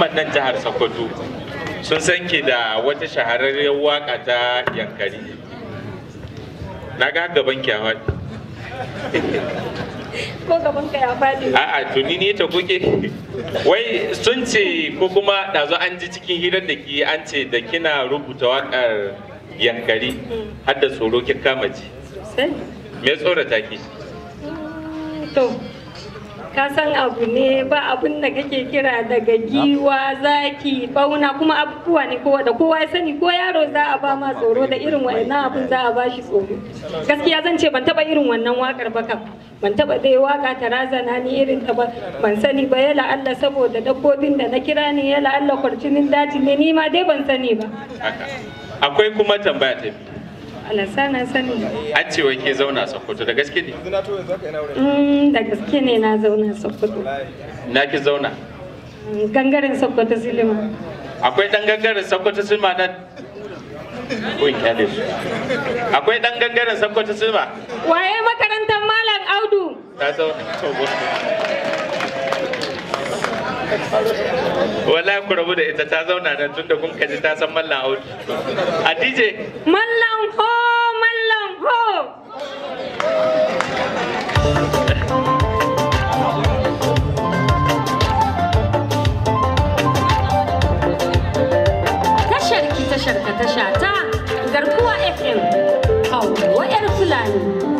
nan jihar Sokoto sun san ke da wata shahararriyar waka ta yankari. Na ga gaban ki a Ko gaban ka ya faɗi? A'a tuni ne ta kuke. Wai sun ce ko kuma ɗazu an ji cikin hirar da ki an ce da kina rubuta wakar yankari mm. har da tsoro kin kama ji. Me tsorata ki? To, ka san abu ne ba abin da kake kira daga giwa zaki bauna kuma abubuwa ne kowa da kowa ya sani ko yaro za a ba ma tsoro da irin wannan abin za a ba shi tsoro gaskiya zan ce ban taba irin wannan wakar ba kam ban taba dai waka ta razana ni irin ta ba ban sani ba yala Allah saboda dabbobin da na kira ne yala Allah kwarcinin daji ne ni ma dai ban sani ba akwai kuma tambaya ta biyu alasa na sani an ce wai ke zauna sokoto da gaske ne mm, da gaske ne na zauna sokoto na ki zauna mm, gangaren sokoto silima akwai dan gangaren sokoto silima nan kun kyale su akwai dan gangaren sokoto silima waye makarantar malam audu ta zauna wala ku rabu da ita ta zauna nan tun da kun kaji ta san mallan audu a dj mallan ho mallan ho tashar ka tasha ta garkuwa fm kawo fulani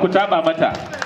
ku taɓa mata